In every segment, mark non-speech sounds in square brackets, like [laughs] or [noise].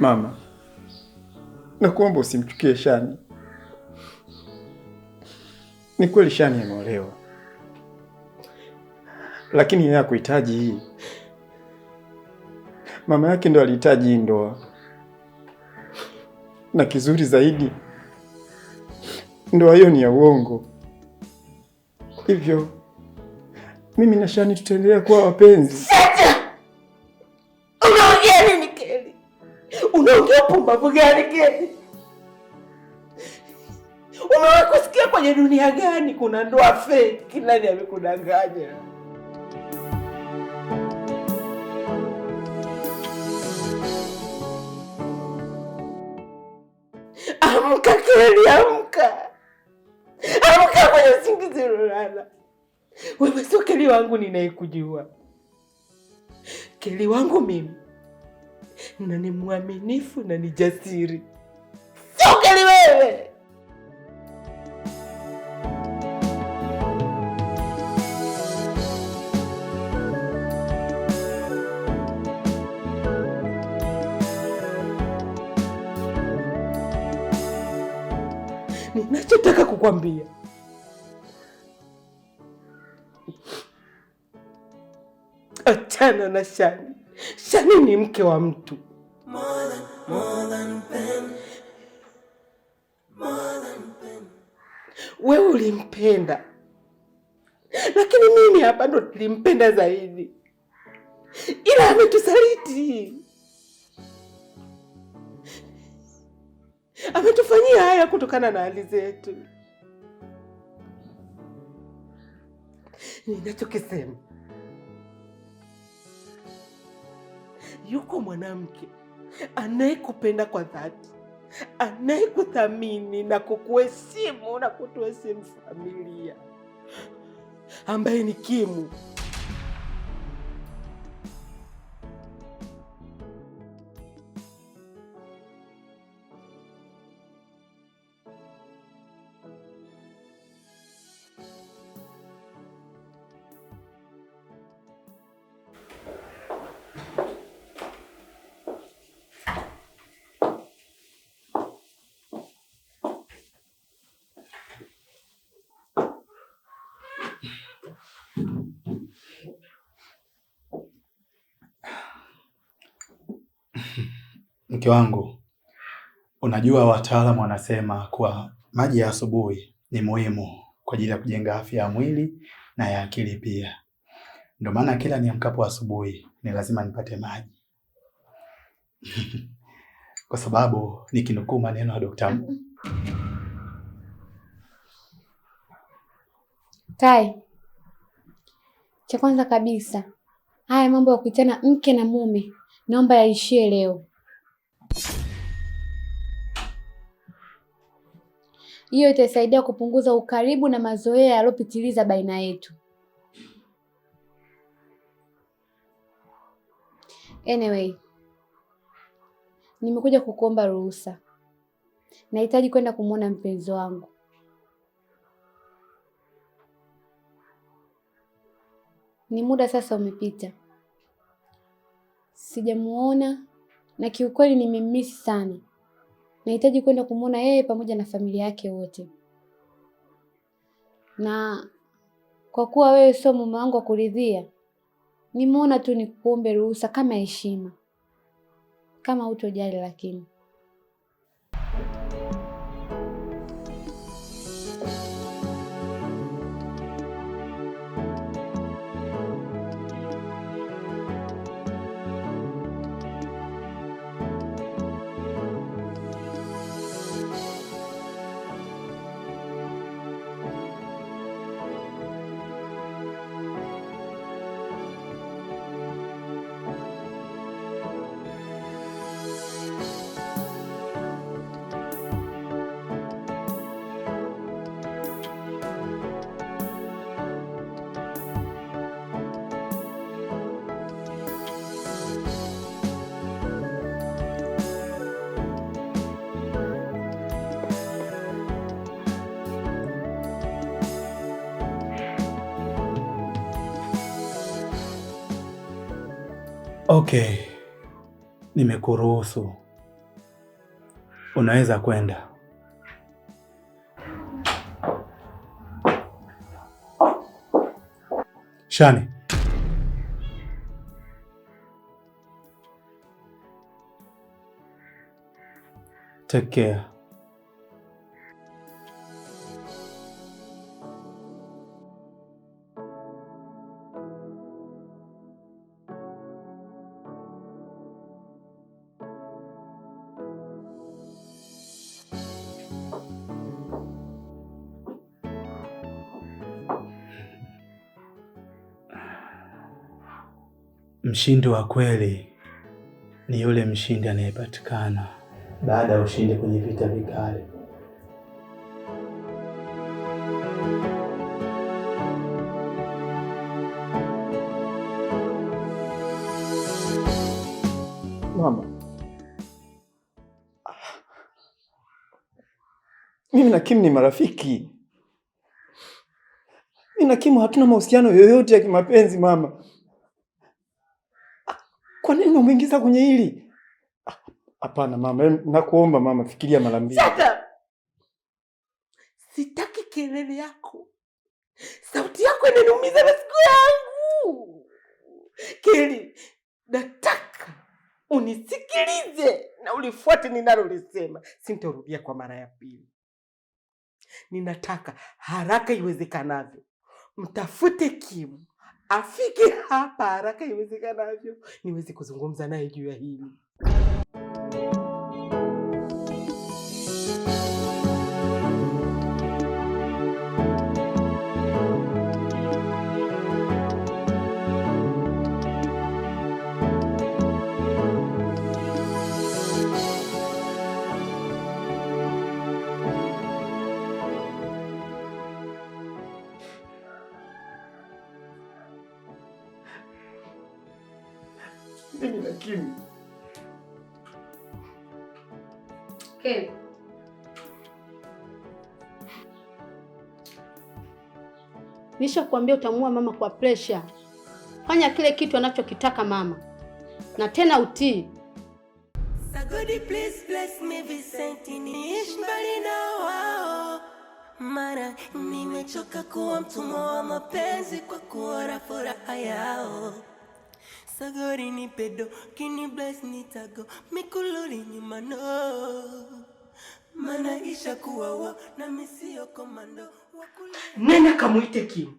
Mama, nakuomba usimchukie Shani. Ni kweli Shani ameolewa, lakini yeye hakuhitaji hii. Mama yake ndo alihitaji hii ndoa, na kizuri zaidi, ndoa hiyo ni ya uongo. Hivyo mimi na Shani tutaendelea kuwa wapenzi. Unaongea pumbavu gani Gedi? Umewahi kusikia kwenye dunia gani kuna ndoa feki? Nani amekudanganya? Amka Keli, amka, amka kwenye usingizi ulolala. Wewe sio Keli wangu ninayekujua, Keli wangu mimi na ni mwaminifu na ni jasiri. Sokeli wewe! Ninachotaka kukwambia achana na Shani. Shani ni mke wa mtu Wewe ulimpenda, lakini mimi hapa ndo nilimpenda zaidi, ila ametusaliti, ametufanyia haya kutokana na hali zetu. Ninachokisema yuko mwanamke anayekupenda kwa dhati, anayekuthamini na kukuheshimu na kutuheshimu familia, ambaye ni Kimu. mke wangu, unajua wataalamu wanasema kuwa maji ya asubuhi ni muhimu kwa ajili ya kujenga afya ya mwili na ya akili pia. Ndio maana kila niamkapo asubuhi ni lazima nipate maji [laughs] kwa sababu nikinukuu maneno ya Dokta Tai, cha kwanza kabisa haya mambo ya kuitana mke na mume naomba yaishie leo. Hiyo itasaidia kupunguza ukaribu na mazoea yaliyopitiliza baina yetu. Anyway, nimekuja kukuomba ruhusa, nahitaji kwenda kumwona mpenzi wangu. Ni muda sasa umepita sijamuona, na kiukweli nimemmisi sana. Nahitaji kwenda kumwona yeye pamoja na familia yake wote, na kwa kuwa wewe sio mume wangu wa kuridhia, nimeona tu nikuombe ruhusa kama heshima, kama hutojali lakini Okay, nimekuruhusu, unaweza kwenda. Shani, take care. Mshindi wa kweli ni yule mshindi anayepatikana baada ya ushindi kwenye vita vikali. Mama, mimi na Kim ni marafiki. Mimi na Kim hatuna mahusiano yoyote ya kimapenzi mama. Kwa nini unamuingiza kwenye hili? Ah, hapana mama, nakuomba mama, fikiria mara mbili. Sasa sitaki kelele yako, sauti yako inaniumiza masikio yangu. Keli, nataka unisikilize na ulifuate ninalolisema, sintarudia kwa mara ya pili. Ninataka haraka iwezekanavyo mtafute Kimu afike hapa haraka iwezekanavyo niweze kuzungumza naye juu ya hili. kimya. Okay. Nisha kuambia utamua mama kwa pressure. Fanya kile kitu anachokitaka mama, na tena utii. Sagodi, please bless me Vincent, niishi mbali na wao, mara nimechoka kuwa mtumwa wa mapenzi kwa kuora furaha yao. Sagori ni pedo, kini bless ni tago, mikulori ni mano. Mana isha wa, na misio komando. Nenda kamuite Kim.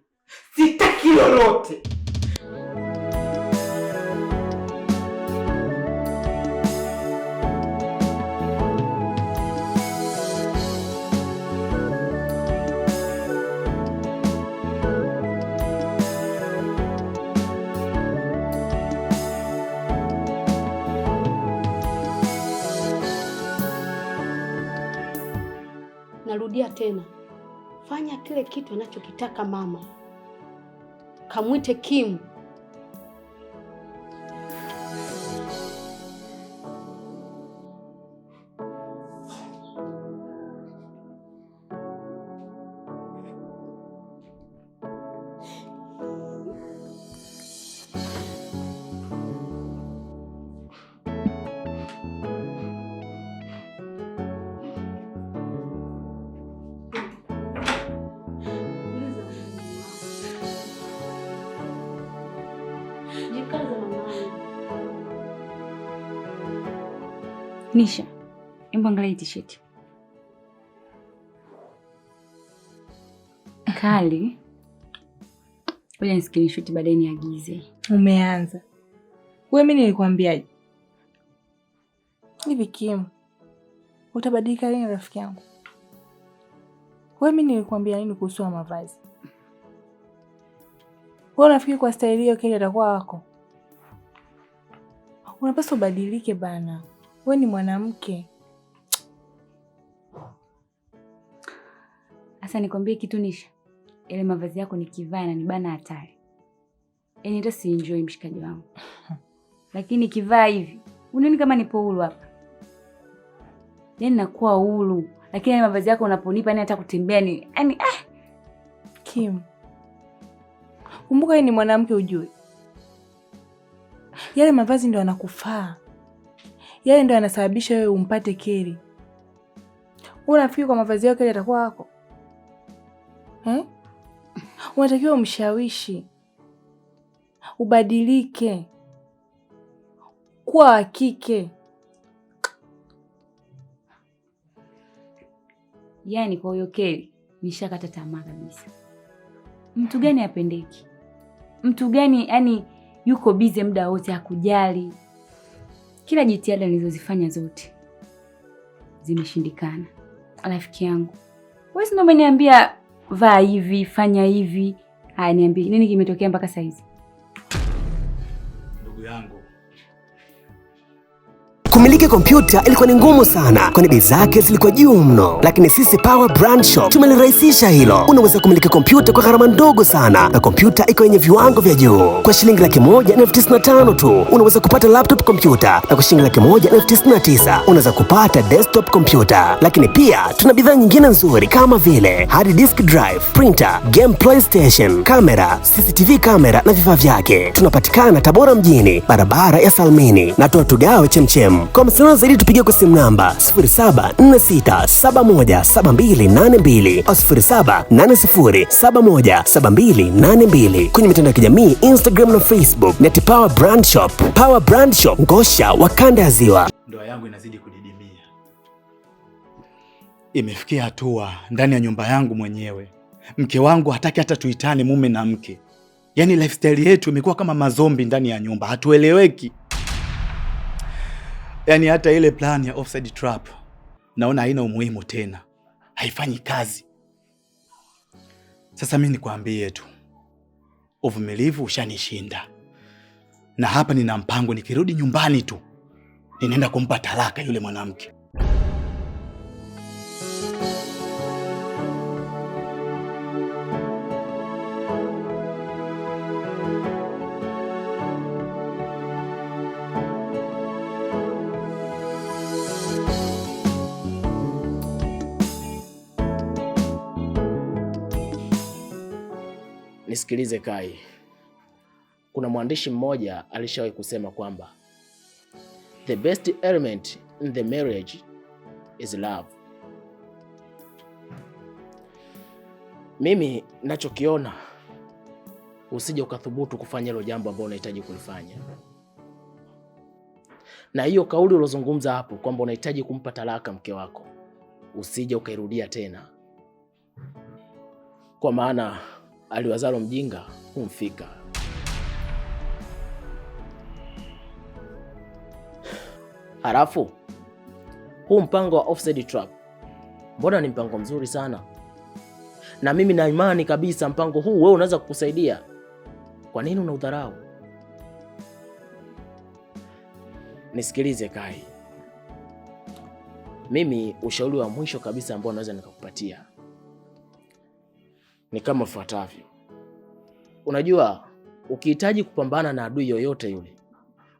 Sitaki lolote. narudia tena, fanya kile kitu anachokitaka mama. Kamwite Kimu Nisha, hebu angalia hii t-shirt. kali. Ngoja niskrinshuti baadaye niagize. Umeanza wewe, mimi nilikwambiaje? Hivi Kim, utabadilika lini rafiki yangu? Wewe mimi nilikwambia nini kuhusu mavazi? Wewe unafikiri kwa staili hiyo Keli atakuwa wako? Unapaswa ubadilike bana. We ni mwanamke. Sasa nikwambie kitu Nisha, yale mavazi yako nikivaa yananibana hatari, yaani hata siinjoi mshikaji wangu [laughs] lakini kivaa hivi unioni kama nipo huru hapa, yaani nakuwa huru, lakini yale mavazi yako unaponipa, yaani hata kutembea ni yaani ah! Kim, kumbuka yeye ni mwanamke ujue, yale mavazi ndio anakufaa yeye ndo anasababisha wewe umpate Keri. Unafikiri kwa mavazi yako Keri atakuwa wako eh? Unatakiwa umshawishi ubadilike, kuwa wa kike. Yaani kwa huyo Keri nishakata tamaa kabisa. Mtu gani apendeki? Mtu gani yani yuko bize muda wote, akujali kila jitihada nilizozifanya zote zimeshindikana. Rafiki yangu wewe, si ndio umeniambia vaa hivi, fanya hivi? Haya, niambie nini kimetokea mpaka saizi? kompyuta ilikuwa ni ngumu sana, kwani bei zake zilikuwa juu mno, lakini sisi Power Brand Shop tumelirahisisha hilo. Unaweza kumiliki kompyuta kwa gharama ndogo sana, na kompyuta iko yenye viwango vya juu. Kwa shilingi laki moja na elfu tisini na tano tu unaweza kupata laptop kompyuta, na kwa shilingi laki moja na elfu tisini na tisa unaweza kupata desktop kompyuta. Lakini pia tuna bidhaa nyingine nzuri kama vile hard disk drive, printer, game playstation, kamera, CCTV kamera na vifaa vyake. Tunapatikana Tabora mjini, barabara ya Salmini na tuatugawe chemchem. Mawasiliano zaidi tupigie kwa simu namba 0746717282 au kwenye mitandao ya kijamii Instagram na Facebook neti Power Brand Shop. Power Brand Shop, ngosha wa kanda ya Ziwa. Ndoa yangu inazidi kudidimia, imefikia hatua ndani ya nyumba yangu mwenyewe mke wangu hataki hata tuitane mume na mke, yaani lifestyle yetu imekuwa kama mazombi ndani ya nyumba, hatueleweki. Yaani hata ile plan ya offside trap naona haina umuhimu tena, haifanyi kazi. Sasa mimi nikwambie tu, uvumilivu ushanishinda, na hapa nina mpango. Nikirudi nyumbani tu ninaenda kumpa talaka yule mwanamke. Nisikilize Kai, kuna mwandishi mmoja alishawahi kusema kwamba the best element in the marriage is love. Mimi nachokiona, usije ukathubutu kufanya hilo jambo ambalo unahitaji kulifanya. Na hiyo kauli uliozungumza hapo kwamba unahitaji kumpa talaka mke wako, usije ukairudia tena, kwa maana aliwazalo mjinga humfika. Halafu huu mpango wa offset trap mbona ni mpango mzuri sana, na mimi na imani kabisa mpango huu wewe unaweza kukusaidia. Kwa nini unaudharau? Nisikilize Kai, mimi ushauri wa mwisho kabisa ambao naweza nikakupatia ni kama ifuatavyo. Unajua, ukihitaji kupambana na adui yoyote yule,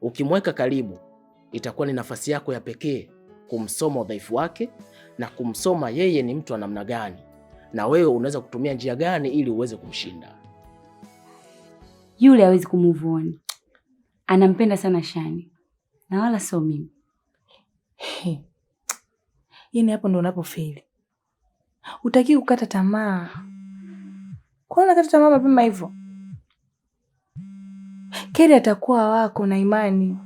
ukimweka karibu, itakuwa ni nafasi yako ya pekee kumsoma udhaifu wake na kumsoma yeye ni mtu wa namna gani, na wewe unaweza kutumia njia gani ili uweze kumshinda yule. Hawezi kumuvoni, anampenda sana Shani na wala sio mimi. Yaani hapo ndo unapofeli, utaki kukata tamaa. Kwa nini tamaa mapema hivyo? Keri atakuwa wako na imani.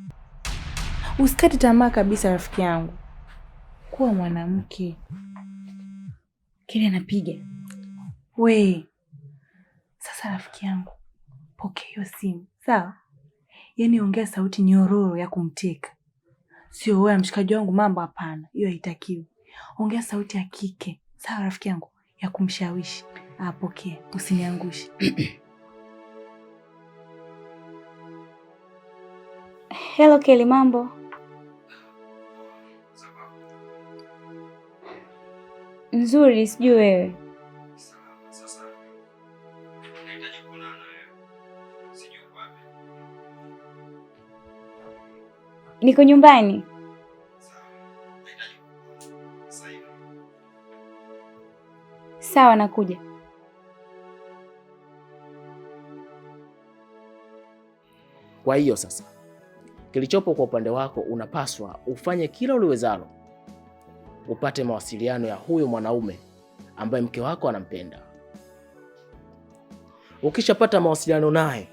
Usikate tamaa kabisa rafiki yangu. Kuwa mwanamke. Keri anapiga. We. Sasa rafiki yangu, pokea hiyo simu. Sawa? Yaani ongea sauti nyororo ya kumteka. Sio wewe mshikaji wangu mambo hapana. Hiyo haitakiwi. Ongea sauti ya kike. Sawa rafiki yangu, ya kumshawishi. Apokee, usiniangushe. [clears throat] Hello Keli, mambo? Nzuri, sijui wewe. Niko nyumbani. Sawa, nakuja. Kwa hiyo sasa, kilichopo kwa upande wako, unapaswa ufanye kila uliwezalo upate mawasiliano ya huyo mwanaume ambaye mke wako anampenda. Ukishapata mawasiliano naye,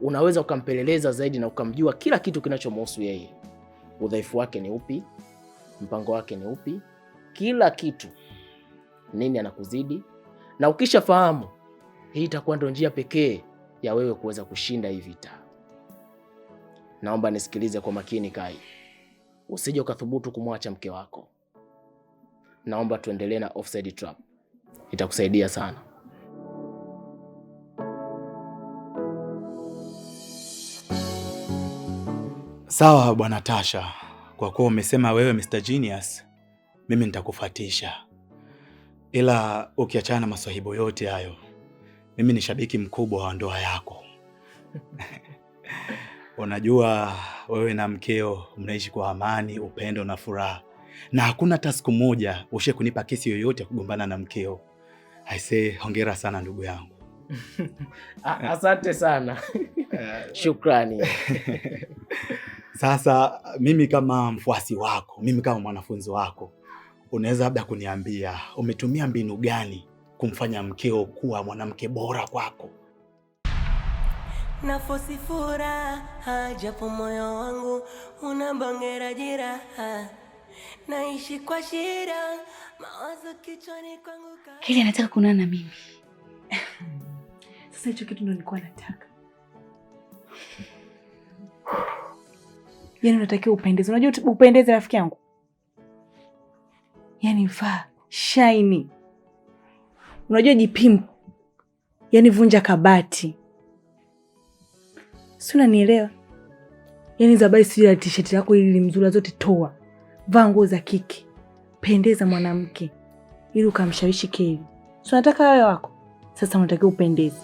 unaweza ukampeleleza zaidi na ukamjua kila kitu kinachomhusu yeye, udhaifu wake ni upi, mpango wake ni upi, kila kitu, nini anakuzidi. Na ukishafahamu, hii itakuwa ndio njia pekee ya wewe kuweza kushinda hii vita naomba nisikilize kwa makini Kai, usije ukathubutu kumwacha mke wako. Naomba tuendelee na offside trap, itakusaidia sana. Sawa bwana Tasha, kwa kuwa umesema wewe Mr Genius, mimi nitakufatisha, ila ukiachana na maswahibu yote hayo, mimi ni shabiki mkubwa wa ndoa yako. [laughs] Unajua wewe na mkeo mnaishi kwa amani, upendo na furaha, na hakuna hata siku moja ushe kunipa kesi yoyote ya kugombana na mkeo. say hongera sana ndugu yangu. [laughs] Ah, asante sana [laughs] shukrani. Sasa mimi kama mfuasi wako, mimi kama mwanafunzi wako, unaweza labda kuniambia umetumia mbinu gani kumfanya mkeo kuwa mwanamke bora kwako? nafosi furaha, japo moyo wangu unabongera jiraha, naishi kwa shida, mawazo kichwani kwangu. Kile anataka kunana na mimi [laughs] sasa, hicho kitu ndo nilikuwa nataka Yani unatakiwa upendeze, unajua upendeze rafiki yangu, yani vaa shaini, unajua jipimbo, yani vunja kabati si unanielewa? Yaani Zabai, sijui ya tisheti yako ili limzula zote, toa vaa nguo za kike, pendeza mwanamke ili ukamshawishi Keli. Si unataka awe wako, sasa unatakiwa upendeze.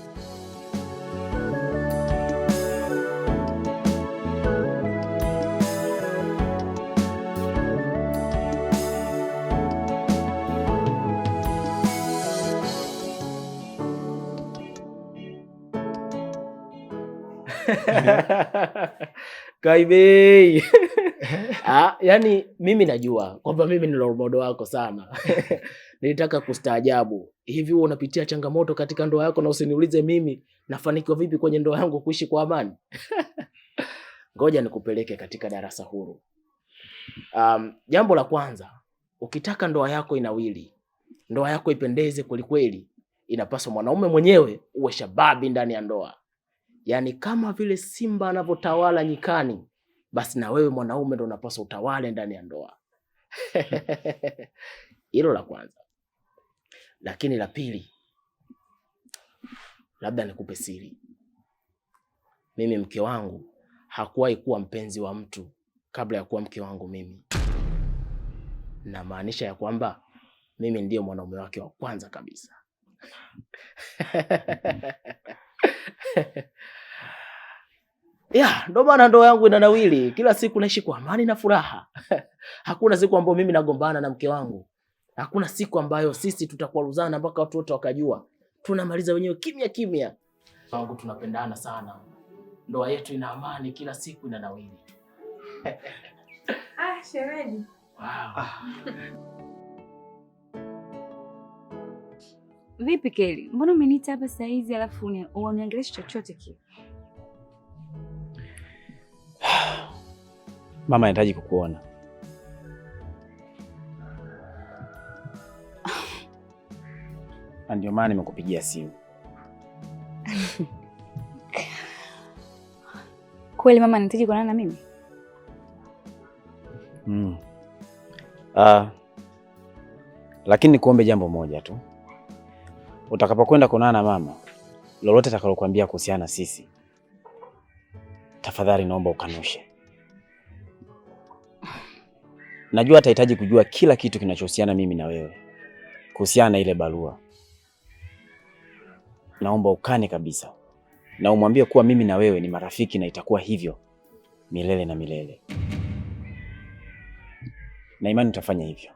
[laughs] Kaibei. [laughs] Ah, yani mimi najua kwamba mimi ni role wako sana. [laughs] Nilitaka kustaajabu. Hivi huo unapitia changamoto katika ndoa yako na usiniulize mimi nafanikiwa vipi kwenye ndoa yangu kuishi kwa amani? Ngoja nikupeleke katika darasa huru. Um, jambo la kwanza, ukitaka ndoa yako inawili, ndoa yako ipendeze kwelikweli, inapaswa mwanaume mwenyewe uwe shababi ndani ya ndoa yaani kama vile simba anavyotawala nyikani, basi na wewe mwanaume ndo unapaswa utawale ndani ya ndoa. [laughs] Hilo la kwanza. Lakini la pili, labda nikupe siri, mimi mke wangu hakuwahi kuwa mpenzi wa mtu kabla ya kuwa mke wangu mimi, na maanisha ya kwamba mimi ndiyo mwanaume wake wa kwanza kabisa. [laughs] [laughs] ya ndo maana ndoa yangu ina nawili Kila siku naishi kwa amani na furaha. [laughs] Hakuna siku ambayo mimi nagombana na mke wangu. Hakuna siku ambayo sisi tutakwaruzana mpaka watu wote wakajua. Tunamaliza wenyewe kimya kimya. Wangu tunapendana sana. Ndoa yetu ina amani, kila siku inanawili. Ah, shemeji. Wow. Ah. Vipi Keli, mbona umeniita hapa saa hizi alafu uniangelesha chochote kile? Mama anahitaji kukuona. ndio maana nimekupigia simu. [laughs] Kweli mama anahitaji kuonana na mimi? Mm. Ah. Lakini nikuombe jambo moja tu. Utakapokwenda kuonana na mama, lolote atakalokuambia kuhusiana na sisi, tafadhali naomba ukanushe. Najua atahitaji kujua kila kitu kinachohusiana mimi na wewe, kuhusiana na ile barua. Naomba ukane kabisa na umwambie kuwa mimi na wewe ni marafiki na itakuwa hivyo milele na milele, na imani utafanya hivyo.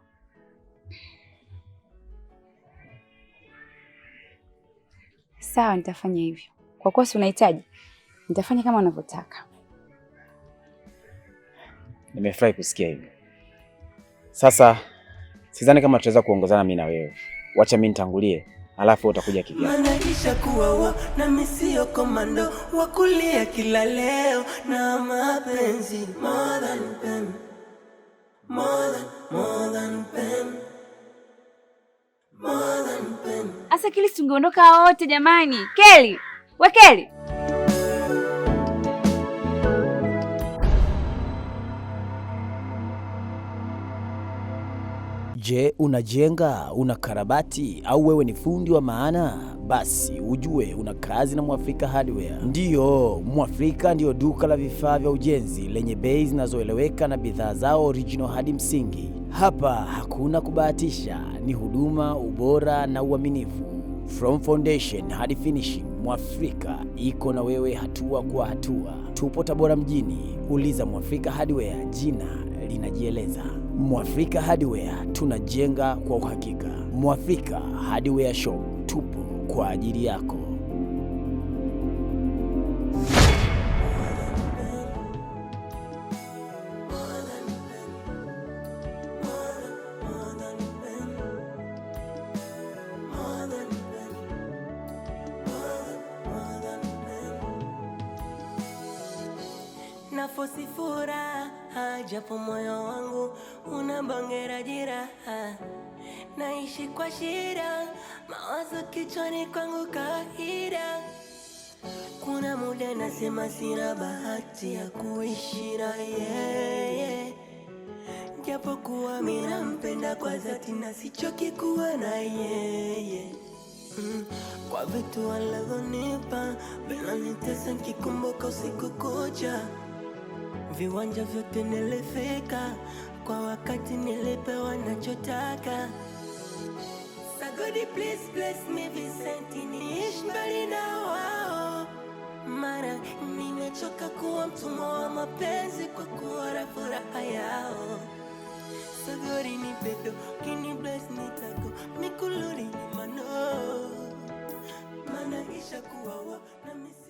sawa, nitafanya hivyo. Kwa kuwa si unahitaji, nitafanya kama unavyotaka. Nimefurahi kusikia hivyo. Sasa sidhani kama tutaweza kuongozana mimi na wewe, wacha mimi nitangulie, alafu utakuja kivyako. Manaisha kuwa wa na misio komando wa kulia kila leo na mapenzi more than pen. More than, more than pen. More than Hasa kili si wote jamani. Keli, we Keli. Je, unajenga, unakarabati au wewe ni fundi wa maana? Basi ujue una kazi na Mwafrika Hardware. Ndiyo, Mwafrika ndiyo duka la vifaa vya ujenzi lenye bei zinazoeleweka na, na bidhaa zao original hadi msingi hapa hakuna kubahatisha, ni huduma, ubora na uaminifu. From foundation hadi finishing, Mwafrika iko na wewe hatua kwa hatua. Tupo Tabora mjini, uliza Mwafrika Hardware, jina linajieleza. Mwafrika Hardware, tunajenga kwa uhakika. Mwafrika Hardware Shop, tupo kwa ajili yako. kwa shida, mawazo kichwani kwangu kahira Kuna muda nasema sina bahati ya kuishi na yeye, japokuwa mimi nampenda kwa dhati na sichoki kuwa na yeye mm, Kwa vitu alivyonipa bila nitesa, nikikumbuka usiku kucha, viwanja vyote nilifika kwa wakati, nilipewa nachotaka. Baby please bless me Vincent, niishi mbali na wao, mara nimechoka kuwa mtumwa wa mapenzi kwa kuora furaha yao. Sagori ni pedo kini bless ni tako mikuluri mano, maana isha kuwawa na misi